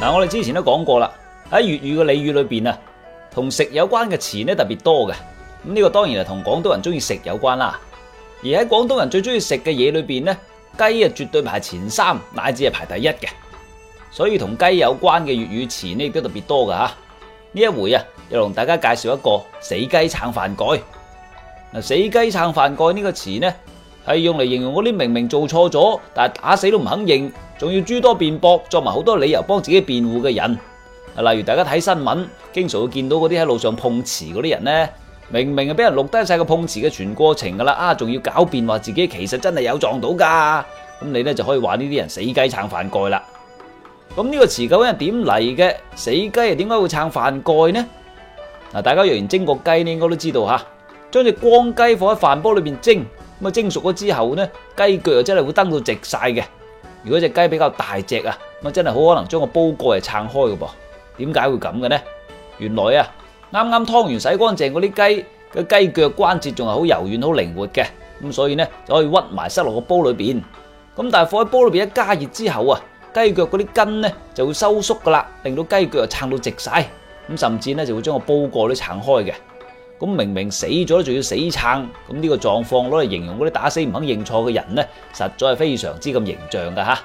嗱、啊，我哋之前都講過啦，喺粵語嘅俚語裏邊啊，同食有關嘅詞咧特別多嘅。咁、嗯、呢、呢個當然係同廣東人中意食有關啦。而喺廣東人最中意食嘅嘢裏邊咧，雞啊絕對排前三，乃至係排第一嘅。所以同雞有關嘅粵語詞咧都特別多嘅吓。呢、啊、一回啊，又同大家介紹一個死雞撐飯蓋。嗱、啊，死雞撐飯蓋呢個詞呢。係用嚟形容嗰啲明明做錯咗，但係打死都唔肯認，仲要諸多辯駁，作埋好多理由幫自己辯護嘅人。啊，例如大家睇新聞，經常會見到嗰啲喺路上碰瓷嗰啲人呢，明明係俾人錄低晒個碰瓷嘅全過程噶啦，啊，仲要狡辯話自己其實真係有撞到噶。咁你呢就可以話呢啲人死雞撐飯蓋啦。咁呢個詞究竟係點嚟嘅？死雞係點解會撐飯蓋呢？嗱，啊，大家若然蒸過雞，你應該都知道吓，將，啊，隻光雞放喺飯煲裏面蒸。咁蒸熟咗之後呢，雞腳又真係會蹬到直晒嘅。如果隻雞比較大隻啊，咁真係好可能將個煲蓋啊撐開嘅噃。點解會咁嘅呢？原來啊，啱啱劏完洗乾淨嗰啲雞嘅雞腳關節仲係好柔軟、好靈活嘅。咁所以呢，就可以屈埋塞落個煲裏邊。咁但係放喺煲裏邊一加熱之後啊，雞腳嗰啲筋呢就會收縮㗎啦，令到雞腳又撐到直晒。咁甚至呢，就會將個煲蓋都撐開嘅。咁明明死咗仲要死撐，咁呢個狀況攞嚟形容嗰啲打死唔肯認錯嘅人咧，實在係非常之咁形象㗎吓。